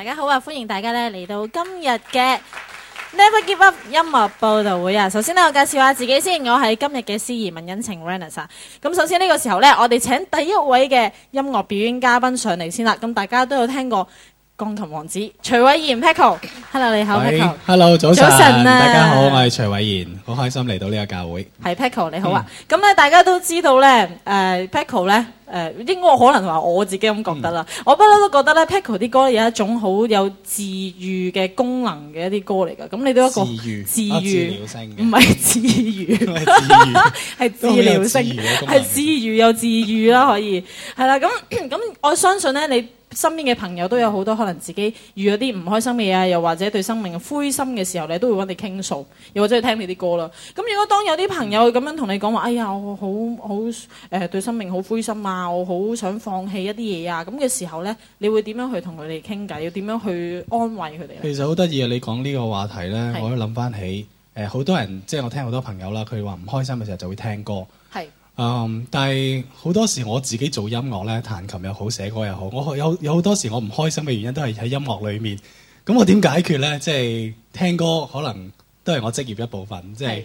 大家好啊！歡迎大家咧嚟到今日嘅 Never Give Up 音樂報道會啊！首先呢，我介紹下自己先，我是今的 C2，首先，我係今日嘅司儀、文恩情 Rena。咁首先呢個時候呢，我哋請第一位嘅音樂表演嘉賓上嚟先啦。咁大家都有聽過。鋼琴王子徐偉賢 Paco。Hello 你好，Paco。Hello 早晨，早晨，大家好，我係徐偉賢，好開心嚟到呢個教會。係 Paco 你好啊，咁、嗯、咧大家都知道咧，誒、呃、Paco 咧誒、呃，應該可能話我自己咁覺得啦，嗯、我不嬲都覺得咧 Paco 啲歌有一種好有治愈嘅功能嘅一啲歌嚟噶，咁你都一個治愈，治癒，唔係治愈，係、啊、治療性，係治愈又治愈啦， 治 治 那個、可以，係 啦，咁咁我相信咧你。身邊嘅朋友都有好多可能自己遇到啲唔開心嘅嘢啊，又或者對生命灰心嘅時候你都會揾你傾訴，又或者去聽你啲歌啦。咁如果當有啲朋友咁樣同你講話、嗯，哎呀，我好好誒、呃、對生命好灰心啊，我好想放棄一啲嘢啊，咁嘅時候呢，你會點樣去同佢哋傾偈，要點樣去安慰佢哋咧？其實好得意啊！你講呢個話題呢，我都諗翻起誒好、呃、多人，即係我聽好多朋友啦，佢話唔開心嘅時候就會聽歌。嗯，但係好多時我自己做音樂咧，彈琴又好，寫歌又好，我有有好多時我唔開心嘅原因都係喺音樂裏面。咁我點解決咧？即係聽歌，可能都係我職業一部分。即係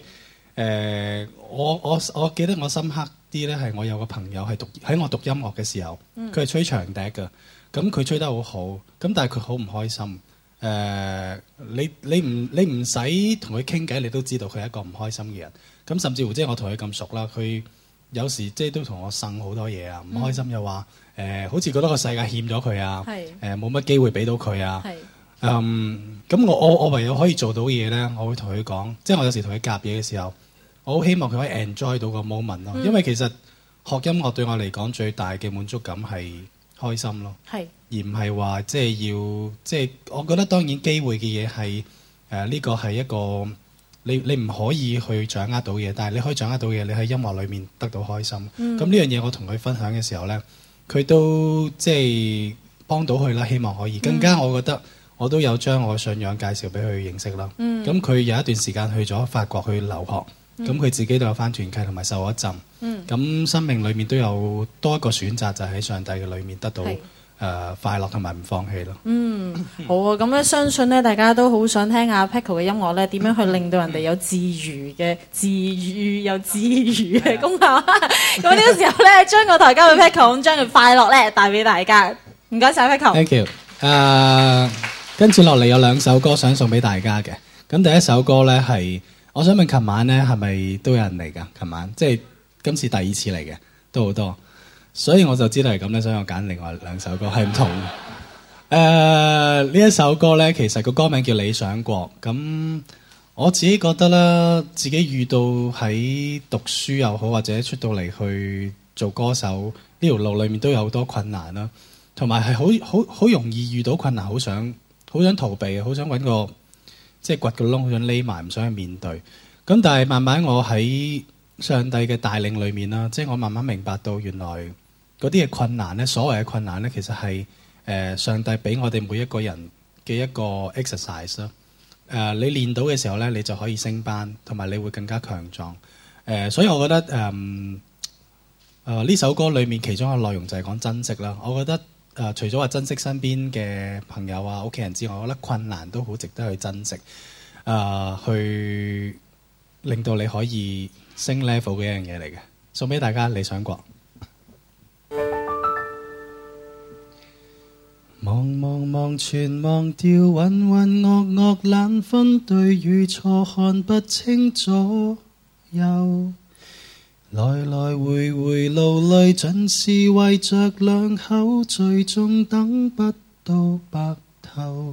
誒，我我我記得我深刻啲咧，係我有個朋友係讀喺我讀音樂嘅時候，佢、嗯、係吹長笛㗎。咁佢吹得好好，咁但係佢好唔開心。誒、呃，你你唔你唔使同佢傾偈，你都知道佢係一個唔開心嘅人。咁甚至乎即係我同佢咁熟啦，佢。有時即係都同我呻好多嘢啊，唔開心又話誒、嗯呃，好似覺得個世界欠咗佢啊，誒冇乜機會俾到佢啊，咁、嗯嗯、我我我唯有可以做到嘅嘢咧，我會同佢講，即係我有時同佢夾嘢嘅時候，我好希望佢可以 enjoy 到個 moment 咯、嗯，因為其實學音樂對我嚟講最大嘅滿足感係開心咯，係而唔係話即係要即係，我覺得當然機會嘅嘢係誒呢個係一個。你你唔可以去掌握到嘢，但係你可以掌握到嘢。你喺音樂裏面得到開心。咁呢樣嘢我同佢分享嘅時候呢，佢都即係、就是、幫到佢啦。希望可以、嗯、更加，我覺得我都有將我信仰介紹俾佢認識啦。咁、嗯、佢有一段時間去咗法國去留學，咁、嗯、佢自己都有返團契同埋受咗一浸。咁、嗯、生命裏面都有多一個選擇，就喺、是、上帝嘅裏面得到。誒、呃、快樂同埋唔放棄咯。嗯，好啊，咁、嗯、咧、嗯嗯嗯嗯嗯、相信咧大家都好想聽下 Paco 嘅音樂咧，點樣去令到人哋有自癒嘅、嗯、自癒又自癒嘅功效。咁、哎、呢、 嗯、 個時候咧，將個台交俾 Paco 將佢快樂咧帶俾大家。唔該晒 Paco。Thank you 誒跟住落嚟有兩首歌想送俾大家嘅。咁第一首歌咧係，我想問琴晚咧係咪都有人嚟㗎？琴晚即係、就是、今次第二次嚟嘅，都好多。所以我就知道係咁咧，所以我揀另外兩首歌係唔同的。誒呢一首歌咧，其實個歌名叫《理想國》。咁我自己覺得咧，自己遇到喺讀書又好，或者出到嚟去做歌手呢條路裏面都有好多困難啦、啊，同埋係好好好容易遇到困難，好想好想逃避，好想揾個即係掘個窿好想匿埋，唔想去面對。咁但係慢慢我喺上帝嘅帶領裏面啦，即係我慢慢明白到原來，嗰啲嘅困難呢，所謂嘅困難呢，其實係誒、呃、上帝俾我哋每一個人嘅一個 exercise 咯。誒，你練到嘅時候呢，你就可以升班，同埋你會更加強壯。誒、呃，所以我覺得誒誒呢首歌裡面其中一個內容就係講珍惜啦。我覺得誒、呃，除咗話珍惜身邊嘅朋友啊、屋企人之外，我覺得困難都好值得去珍惜。誒、呃，去令到你可以升 level 嘅一樣嘢嚟嘅。送俾大家，你想講？忙忙忙，全忘掉；混混噩噩，難分對與錯，看不清左右。來來回回勞累，流淚盡是為着兩口，最終等不到白頭。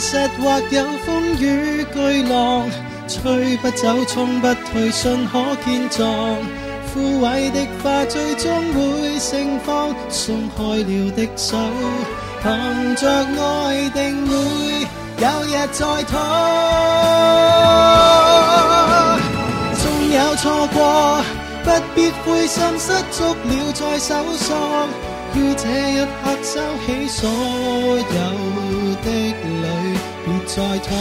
實或有風雨巨浪，吹不走，衝不退，信可見狀，枯萎的花最終會盛放，鬆開了的手，憑着愛定會有日再拖。縱有錯過，不必灰心，失足了再搜索。於這一刻收起所有的淚，別再拖，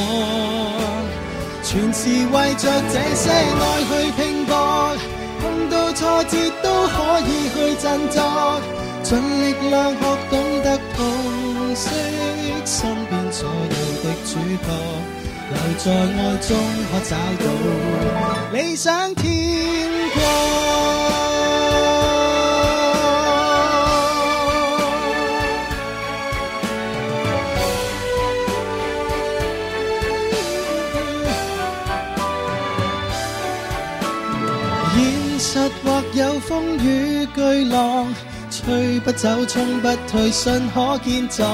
全是為着這些愛去拼搏，碰到挫折都可以去振作，盡力量學懂得痛惜身邊所有的主角，留在愛中可找到理想天光。有風雨巨浪，吹不走，衝不退，信可見壯。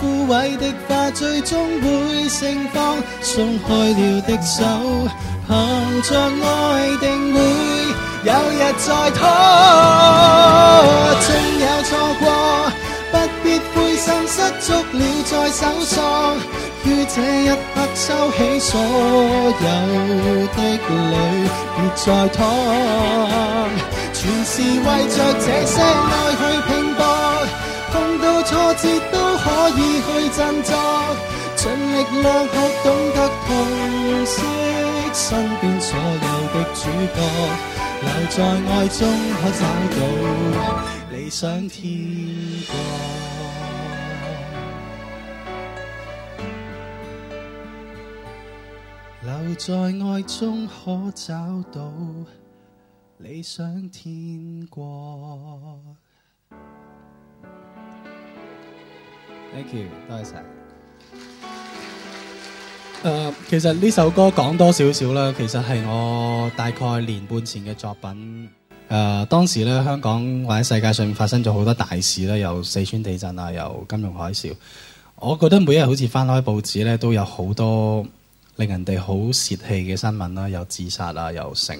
枯萎的花最終會盛放，鬆開了的手，憑着愛定會有日再拖。縱有錯過，不必灰心，失足了再搜索。於這一刻收起所有的淚，別再拖，全是為着這些愛去拼搏，碰到挫折都可以去振作，盡力量學懂得痛惜身邊所有的主角，留在愛中可找到理想天國。在愛中可找到理想天國。Thank you, Thank you. Uh, 多謝。其實呢首歌講多少少啦，其實係我大概年半前嘅作品。誒，uh, 當時咧，香港或者世界上發生咗好多大事啦，由四川地震啊，由金融海嘯，我覺得每日好似翻開報紙咧，都有好多。令人哋好泄氣嘅新聞啦，又自殺啊，又成。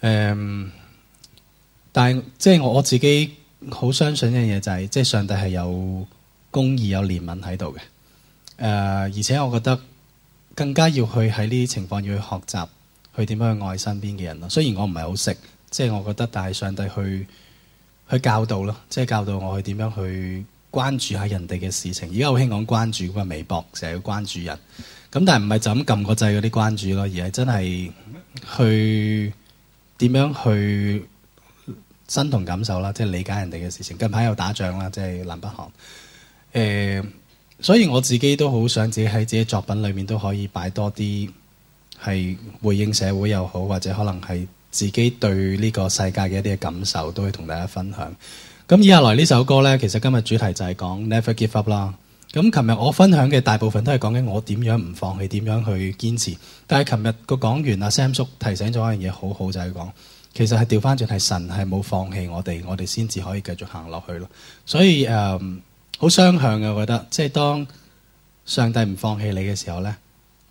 Um, 但係即係我我自己好相信一樣嘢就係，即係上帝係有公義、有憐憫喺度嘅。Uh, 而且我覺得更加要去喺呢啲情況要去學習，去點樣去愛身邊嘅人咯。雖然我唔係好識，即係我覺得，但係上帝去去教導咯，即係教導我去點樣去。關注下人哋嘅事情，而家好興講關注咁啊！微博成日要關注人，咁但係唔係就咁撳個掣嗰啲關注咯，而係真係去點樣去身同感受啦，即係理解人哋嘅事情。近排有打仗啦，即係南北韓。誒，所以我自己都好想自己喺自己作品裏面都可以擺多啲係回應社會又好，或者可能係自己對呢個世界嘅一啲嘅感受，都會同大家分享。咁以下嚟呢首歌呢，其實今日主題就係講 Never Give Up 啦。咁琴日我分享嘅大部分都係講緊我點樣唔放棄，點樣去堅持。但係琴日個講員阿 Sam 叔提醒咗一樣嘢，好好就係講，其實係掉返轉，係神係冇放棄我哋，我哋先至可以繼續行落去咯。所以誒，好、嗯、雙向嘅，我覺得，即係當上帝唔放棄你嘅時候呢，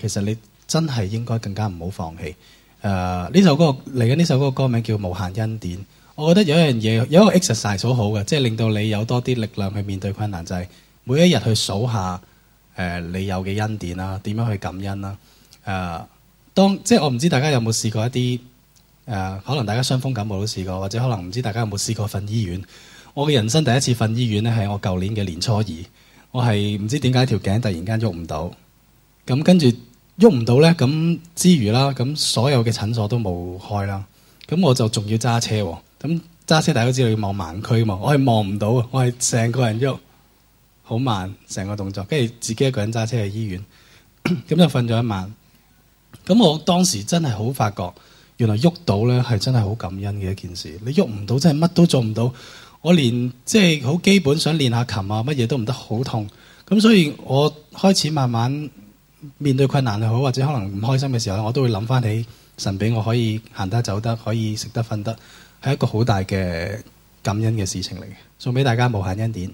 其實你真係應該更加唔好放棄。誒、呃，呢首歌嚟緊，呢首歌歌名叫《無限恩典》。我覺得有一樣嘢，有一個 exercise 好好嘅，即係令到你有多啲力量去面對困難，就係、是、每一日去數下、呃、你有嘅恩典啦，點樣去感恩啦、呃。當即係我唔知大家有冇試過一啲、呃、可能大家傷風感冒都試過，或者可能唔知大家有冇試過瞓醫院。我嘅人生第一次瞓醫院咧，係我舊年嘅年初二，我係唔知點解條頸突然間喐唔到，咁跟住喐唔到咧，咁之餘啦，咁所有嘅診所都冇開啦，咁我就仲要揸車喎。咁揸車大家都知道要望盲區嘛，我係望唔到啊！我係成個人喐好慢，成個動作，跟住自己一個人揸車去醫院，咁 就瞓咗一晚。咁我當時真係好發覺，原來喐到咧係真係好感恩嘅一件事。你喐唔到，真係乜都做唔到。我連即係好基本想練下琴啊，乜嘢都唔得好痛。咁所以，我開始慢慢面對困難又好，或者可能唔開心嘅時候，我都會諗翻起神俾我可以行得走得，可以食得瞓得。係一個好大嘅感恩嘅事情嚟嘅，送畀大家無限恩典。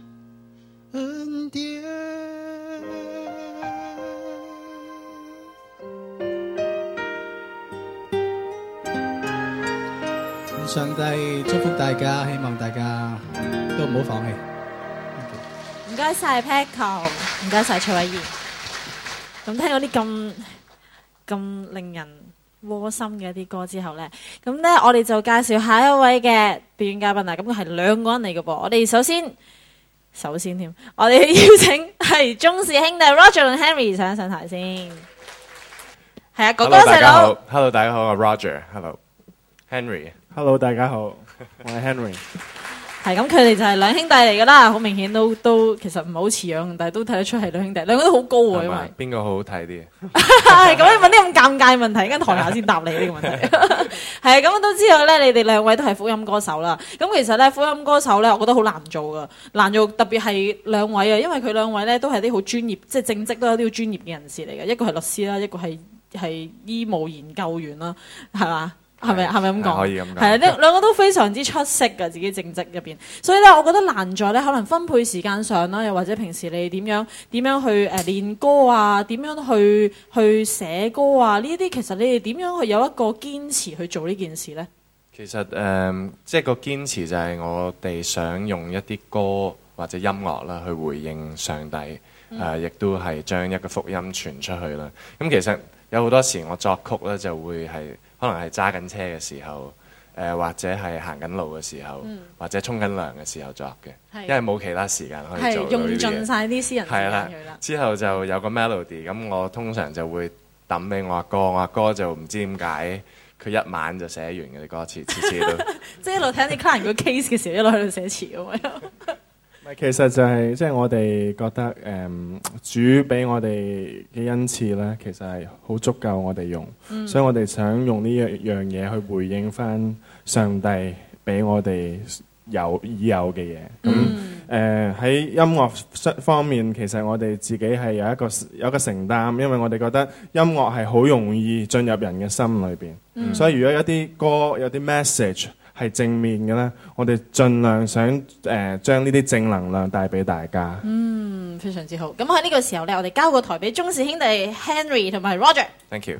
上帝祝福大家，希望大家都唔好放棄。唔該晒 Patrol，唔該晒蔡慧儀。咁聽咗啲咁咁令人窩心嘅一啲歌之後咧，咁咧我哋就介紹下一位嘅表演嘉賓啊。咁佢係兩個人嚟嘅噃。我哋首先首先添，我哋邀請係鍾氏兄弟 Roger 同 Henry 上一上台先。係啊，哥哥細佬。Hello，大家好，Hello 大家好啊，Roger，Hello Henry。Hello，大家好， 我係是 Henry。係 咁，佢哋就係兩兄弟嚟噶啦，好明顯都都其實唔係好似樣，但係都睇得出係兩兄弟，兩個都很高，啊，好高嘅嘛。邊個好好睇啲？咁你問啲咁尷尬的問題，跟台下先答你呢個問題。係 啊， 咁都知道咧，你哋兩位都係福音歌手啦。咁其實咧，福音歌手咧，我覺得好難做噶，難做特別係兩位啊，因為佢兩位咧都係啲好專業，即係正職都有啲好專業嘅人士嚟嘅，一個係律師啦，一個係係醫務研究員啦，係嘛？係咪係咪咁講？係啊，呢兩個都非常之出色嘅自己正職入邊，所以咧，我覺得難在咧，可能分配時間上啦，又或者平時你點樣點樣去誒練歌啊，點樣去去寫歌啊？呢啲其實你哋點樣去有一個堅持去做呢件事咧？其實誒，即、呃、係、就係、個堅持就係我哋想用一啲歌或者音樂啦，去回應上帝誒、嗯呃，亦都係將一個福音傳出去啦。咁其實有好多時我作曲咧就會係。可能係揸緊車嘅時候，誒、呃、或者係行緊路嘅時候，嗯、或者沖緊涼嘅時候作嘅、嗯，因為冇其他時間可以做呢啲嘢。係用盡晒啲私人的時間的。之後就有一個 melody，咁我通常就會抌俾我阿哥，哥，我阿哥就唔知點解，佢一晚就寫完嘅歌詞，次次都。即係一路聽你客人個 case 嘅時候，一路喺度寫詞咁樣。 其實就係即係我哋覺得誒、嗯、主俾我哋嘅恩賜咧，其實係好足夠我哋用、嗯，所以我哋想用呢一樣嘢去回應翻上帝俾我哋有已有嘅嘢。咁誒喺音樂方面，其實我哋自己係有一個有一個承擔，因為我哋覺得音樂係好容易進入人嘅心裏面、嗯。所以如果一啲有啲歌有啲 message。係正面嘅呢，我哋盡量想誒、呃、將呢啲正能量帶俾大家。嗯，非常之好。咁喺呢個時候呢，我哋交個台俾鍾氏兄弟 Henry 同埋 Roger。Thank you。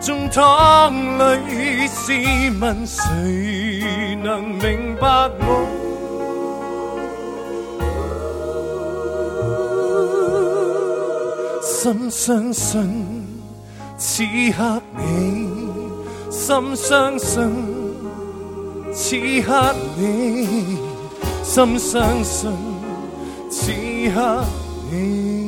眾湯裏試問，誰能明白我？心相信此刻你，心相信此刻你，心相信此刻你。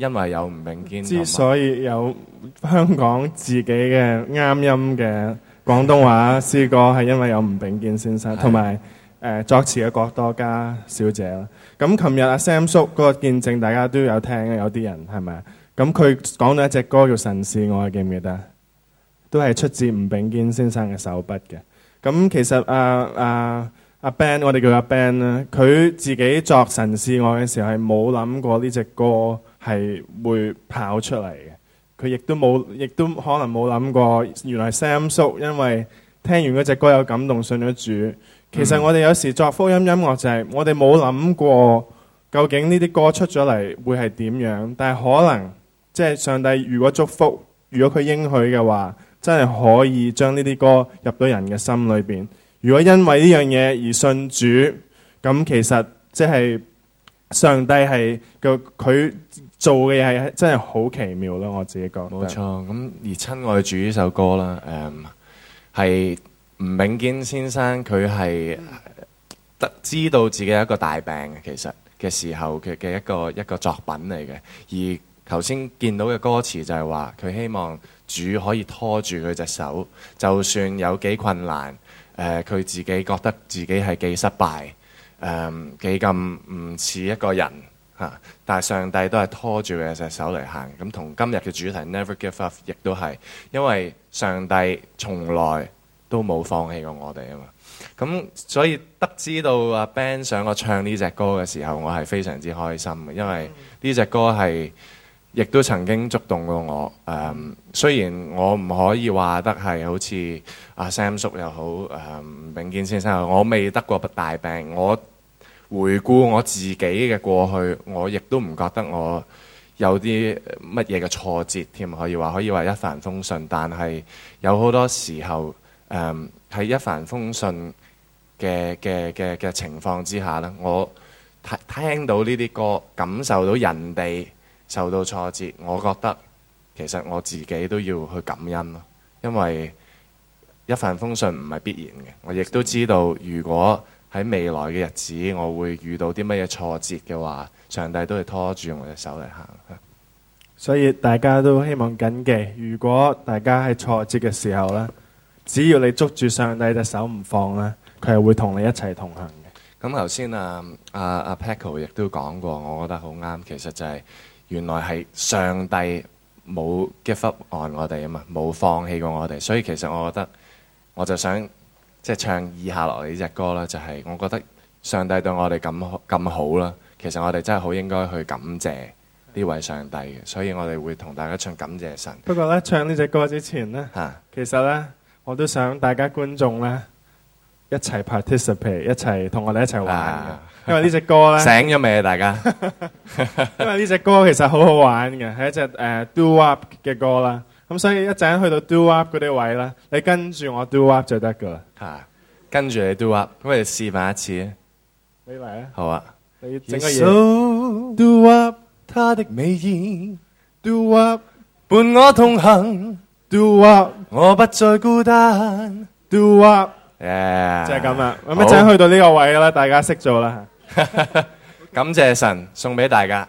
因為有吳炳堅，之所以有香港自己嘅啱 音嘅廣東話詩歌，係因為有吳炳堅先生，同埋誒作詞嘅郭多嘉小姐。咁琴日阿 Sam 叔嗰個見證，大家都有聽，有啲人係咪？咁佢講到一隻歌叫《神是愛》，記唔記得？都係出自吳炳堅先生嘅手筆嘅。咁其實阿阿阿 Ben，我哋叫阿 Ben 啦，佢自己作神《神是愛》嘅時候係冇諗過呢隻歌。係會跑出嚟嘅，佢亦都冇，亦都可能冇諗過，原來 Sam 叔因為聽完嗰隻歌有感動，信咗主。其實我哋有時作福音音樂就係、是，我哋冇諗過究竟呢啲歌出咗嚟會係點樣，但係可能即係、就是、上帝如果祝福，如果佢應許嘅話，真係可以將呢啲歌入到人嘅心裏邊。如果因為呢樣嘢而信主，咁其實即係上帝係個佢。做嘅嘢係真係好奇妙咯，我自己覺得冇錯，咁而親愛主呢首歌啦，誒係吳榮堅先生佢係得知道自己有一個大病其實嘅時候佢嘅一個一個作品嚟嘅。而頭先見到嘅歌詞就係話佢希望主可以拖住佢隻手，就算有幾困難誒佢、uh, 自己覺得自己係幾失敗誒幾咁唔似一個人。啊、但係上帝都係拖住佢隻手嚟行，咁同今日嘅主題、嗯、Never Give Up 亦都係，因為上帝從來都冇放棄過我哋啊嘛！咁所以得知到阿 Ben 想我唱呢隻歌嘅時候，我係非常之開心嘅，因為呢隻歌係亦都曾經觸動過我。誒、嗯，雖然我唔可以話得係好似阿 Sam 叔又好，誒、嗯，永健先生，我未得過大病，我。回顧我自己嘅過去，我亦都唔覺得我有啲乜嘢嘅挫折添，可以話可以話一帆風順。但係有好多時候，嗯、喺一帆風順嘅嘅嘅嘅情況之下呢，我聽聽到呢啲歌，感受到人哋受到挫折，我覺得其實我自己都要去感恩咯，因為一帆風順唔係必然嘅。我亦都知道如果。喺未來嘅日子，我會遇到啲乜嘢挫折嘅話，上帝都係拖住我隻手嚟行。所以大家都希望緊記，如果大家喺挫折嘅時候呢，只要你捉住上帝隻手唔放呢，佢係會同你一齊同行嘅。咁頭先啊啊啊 Paco 亦都講過，我覺得好啱。其實就係原來係上帝冇 give up on 我哋啊嘛，冇放棄過我哋。所以其實我覺得，我就想。即、就、係、是、唱以下落嚟呢隻歌啦，就係、是、我覺得上帝對我哋咁咁好啦，其實我哋真係好應該去感謝呢位上帝嘅，所以我哋會同大家唱感謝神。不過呢，唱呢隻歌之前咧、啊，其實呢，我都想大家觀眾呢一齊 participate，一齊同我哋一齊玩、啊，因為呢隻歌呢，醒咗未啊大家？ 因為呢隻歌其實好好玩嘅，係一隻、uh, doo-wop 嘅歌啦。咁所以一陣去到 do up 嗰啲位啦，你跟住我 do up 就得噶啦。嚇，跟住你 do up，咁你示範一次。你嚟啊！好啊。你整個嘢 do up 他的美意，do up 伴我同行，do up 我不再孤單，do up。就係咁啦。咁一陣去到呢個位啦，大家識做啦。感謝神送俾大家。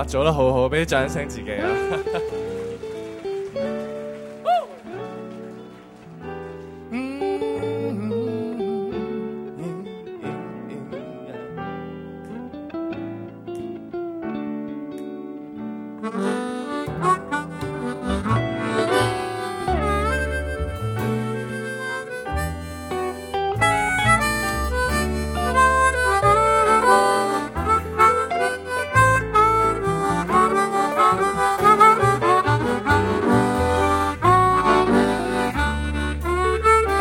拍咗都好好，俾啲掌聲自己啊！